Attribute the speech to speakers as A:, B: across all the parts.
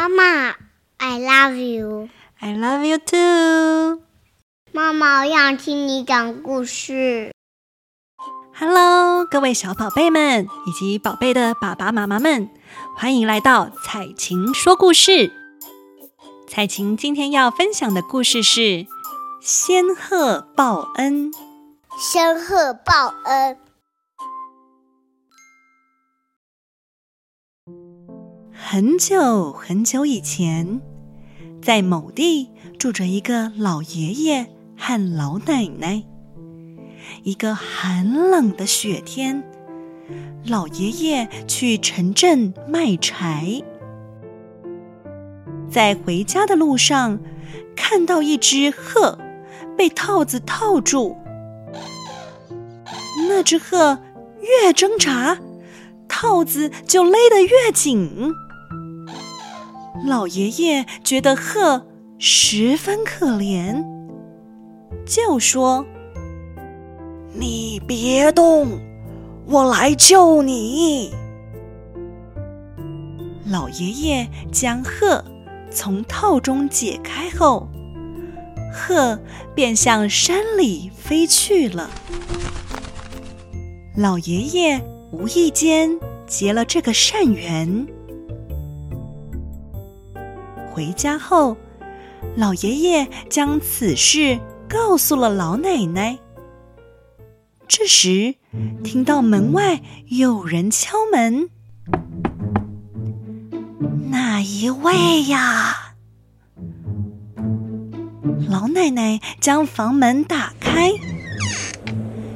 A: 媽媽，I love you. I love you too. 媽媽，我想聽你講故事。哈嘍，各位小寶貝們以及寶貝的爸爸媽媽們，歡迎來到采晴說故事。采晴今天要分享的故事是《仙鶴報恩》。仙鶴報恩。很久很久以前，在某地住着一個老爺爺和老奶奶。一個寒冷的雪天，老爺爺去城鎮賣柴。在回家的路上，看到一隻鶴被套子套住。那隻鶴越掙扎，套子就勒得越緊。老爺爺覺得鶴十分可憐，就說：“你別動，我來救你。”老爺爺將鶴從套中解開後，鶴便向山裡飛去了。老爺爺無意間結了這個善緣。回家後，老爺爺將此事告訴了老奶奶。這時，聽到門外有人敲門，“哪一位呀？”老奶奶將房門打開，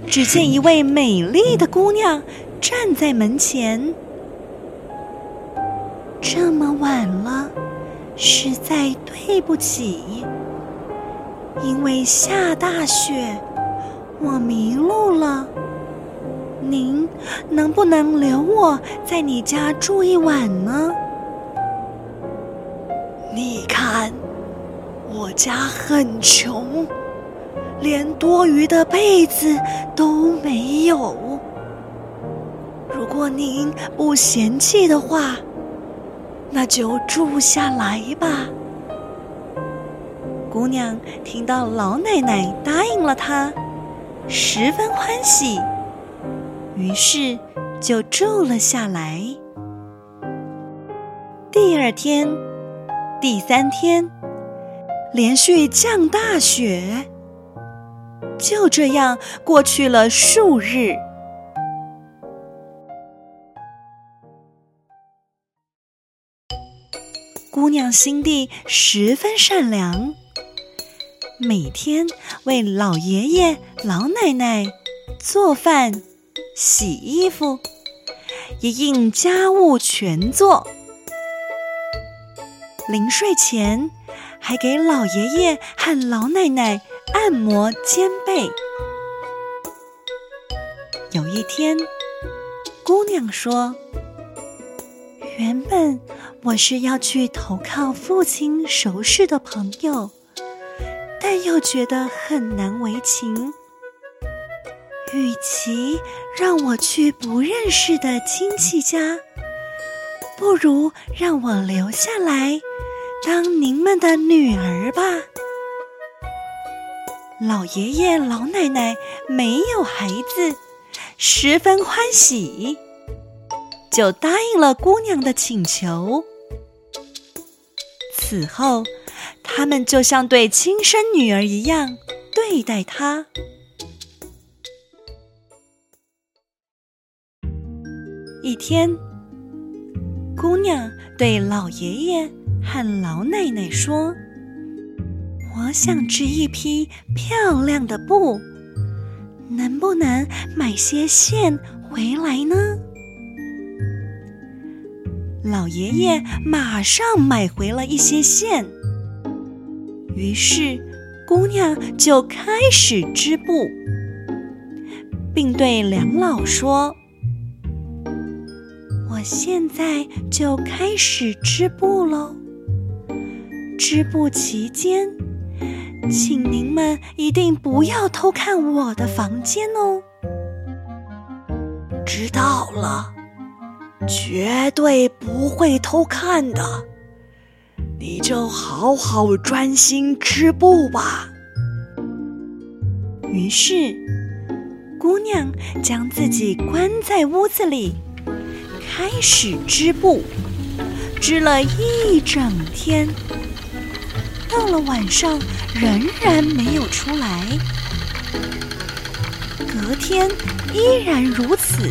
A: 只見一位美麗的姑娘站在門前。實在對不起，因為下大雪，我迷路了。您能不能留我在你家住一晚呢？你看，我家很窮，連多餘的被子都沒有。如果您不嫌棄的話。那就住下來吧。姑娘聽到老奶奶答應了她，十分歡喜，於是就住了下來。第二天、第三天，連續降大雪，就這樣過去了數日。姑娘心地十分善良，每天為老爺爺、老奶奶做飯、洗衣服，一應家務全做。臨睡前還給老爺爺和老奶奶按摩肩背。有一天，姑娘說：“原本。”我是要去投靠父親熟識的朋友，但又覺得很難為情。與其讓我去不認識的親戚家，不如讓我留下來當您們的女兒吧。老爺爺、老奶奶沒有孩子，十分歡喜，就答應了姑娘的請求。此後，他們就像對親生女兒一樣對待她。一天，姑娘對老爺爺和老奶奶說：“我想織一批漂亮的布，能不能買些線回來呢？”老爺爺馬上買回了一些線，於是姑娘就開始織布，並對兩老說：“ 我現在就開始織布嘍。織布期間，請您們一定不要偷看我的房間哦。”知道了。絕對不會偷看的，你就好好專心織布吧。於是，姑娘將自己關在屋子裡，開始織布，織了一整天，到了晚上仍然沒有出來。隔天依然如此。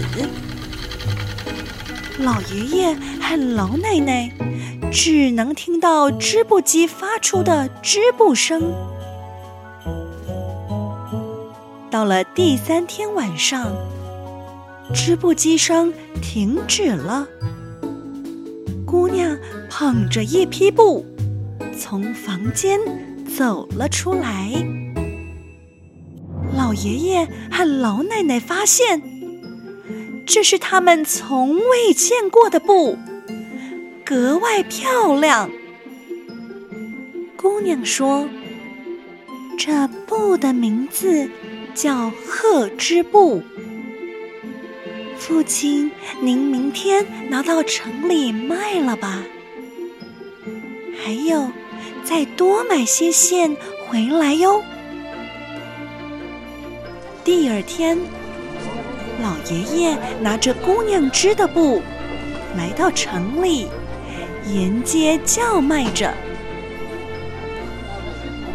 A: 老爺爺和老奶奶只能聽到織布機發出的織布聲。到了第三天晚上，織布機聲停止了，姑娘捧着一匹布從房間走了出來。老爺爺和老奶奶發現。這是他們從未見過的布，格外漂亮。姑娘說：“這布的名字叫鶴織布。”父親，您明天拿到城裡賣了吧？還有，再多買些線回來喲。第二天。老爺爺拿着姑娘織的布，來到城裡，沿街叫賣着：“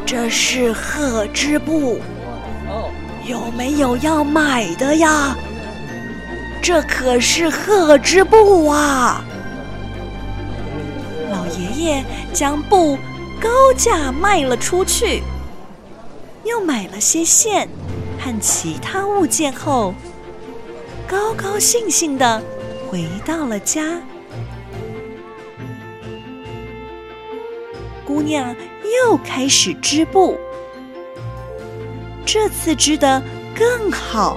A: 這是鶴織布，有沒有要買的呀？這可是鶴織布啊！”老爺爺將布高價賣了出去，又買了些線和其他物件後。高高興興地回到了家，姑娘又開始織布，這次織得更好，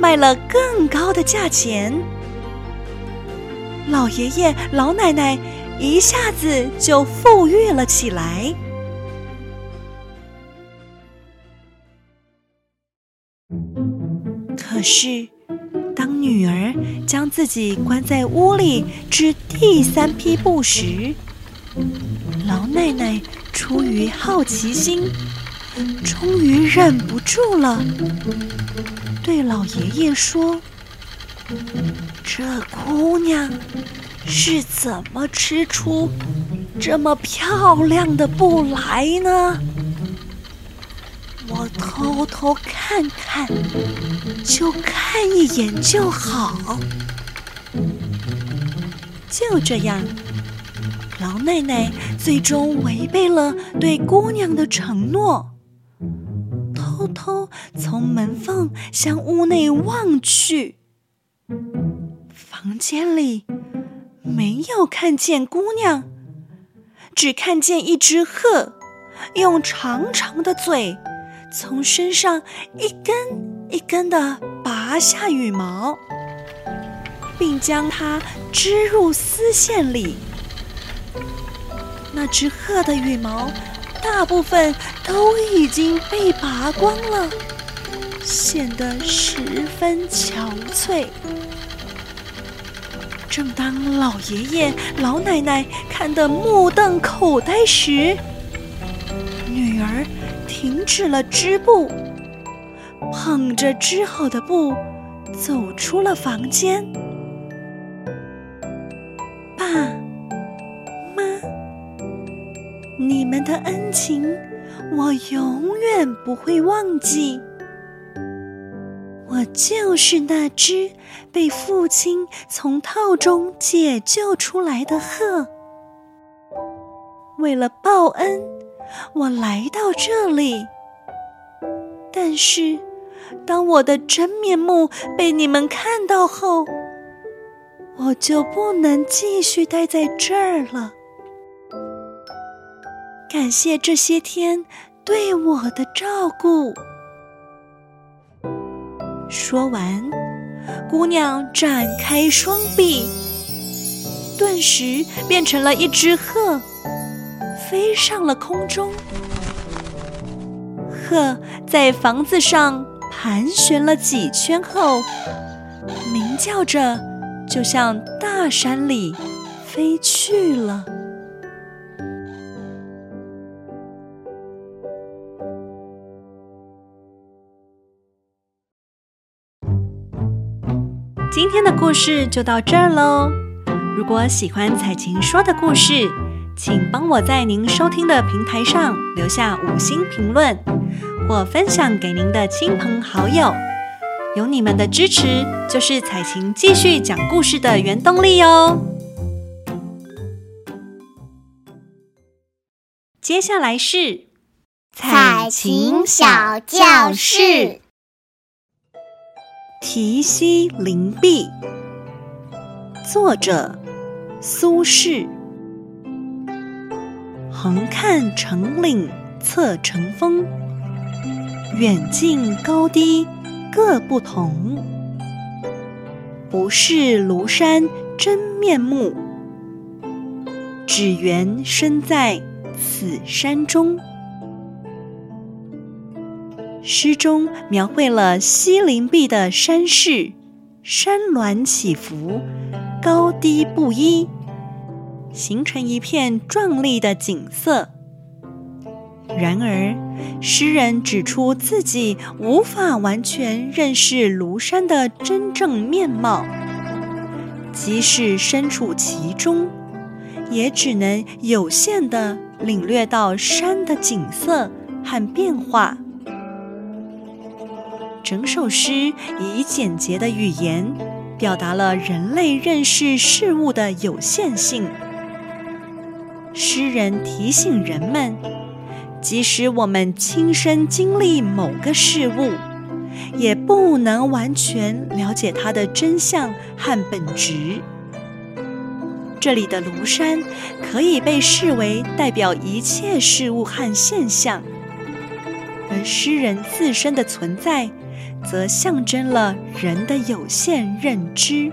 A: 賣了更高的價錢，老爺爺老奶奶一下子就富裕了起來。可是。女兒將自己關在屋裡織第三匹布時，老奶奶出於好奇心，終於忍不住了，對老爺爺說：“這姑娘是怎麼織出這麼漂亮的布來呢？”偷偷看看，就看一眼就好。就這樣，老奶奶最終違背了對姑娘的承諾，偷偷從門縫向屋內望去。房間裡沒有看見姑娘，只看見一隻鶴，用長長的嘴。從身上一根一根的拔下羽毛，並將它織入絲線裡。那隻鶴的羽毛大部分都已經被拔光了，顯得十分憔悴。正當老爺爺、老奶奶看得目瞪口呆時，女兒。停止了織布，捧着織好的布走出了房間。爸媽，你們的恩情我永遠不會忘記。我就是那只被父親從套中解救出來的鶴，為了報恩。我來到這裡，但是當我的真面目被你們看到後，我就不能繼續待在這兒了。感謝這些天對我的照顧。說完，姑娘展開雙臂，頓時變成了一隻鶴。飛上了空中，鶴在房子上盤旋了幾圈後，鳴叫着就向大山裡飛去了。今天的故事就到這兒嘍。如果喜歡采晴說的故事，請幫我在您收聽的平台上留下五星評論，或分享給您的親朋好友。有你們的支持，就是采晴繼續講故事的原動力哦。接下來是《采晴小教室》教室《題西林壁》，作者蘇軾。橫看成嶺，側成峰。遠近高低，各不同。不識廬山真面目，只緣身在此山中。詩中描繪了西林壁的山勢，山巒起伏，高低不一。形成一片壯麗的景色。然而，詩人指出自己無法完全認識廬山的真正面貌，即使身處其中，也只能有限地領略到山的景色和變化。整首詩以簡潔的語言，表達了人類認識事物的有限性。詩人提醒人們，即使我們親身經歷某個事物，也不能完全了解它的真相和本質。這裡的廬山可以被視為代表一切事物和現象，而詩人自身的存在則象徵了人的有限認知。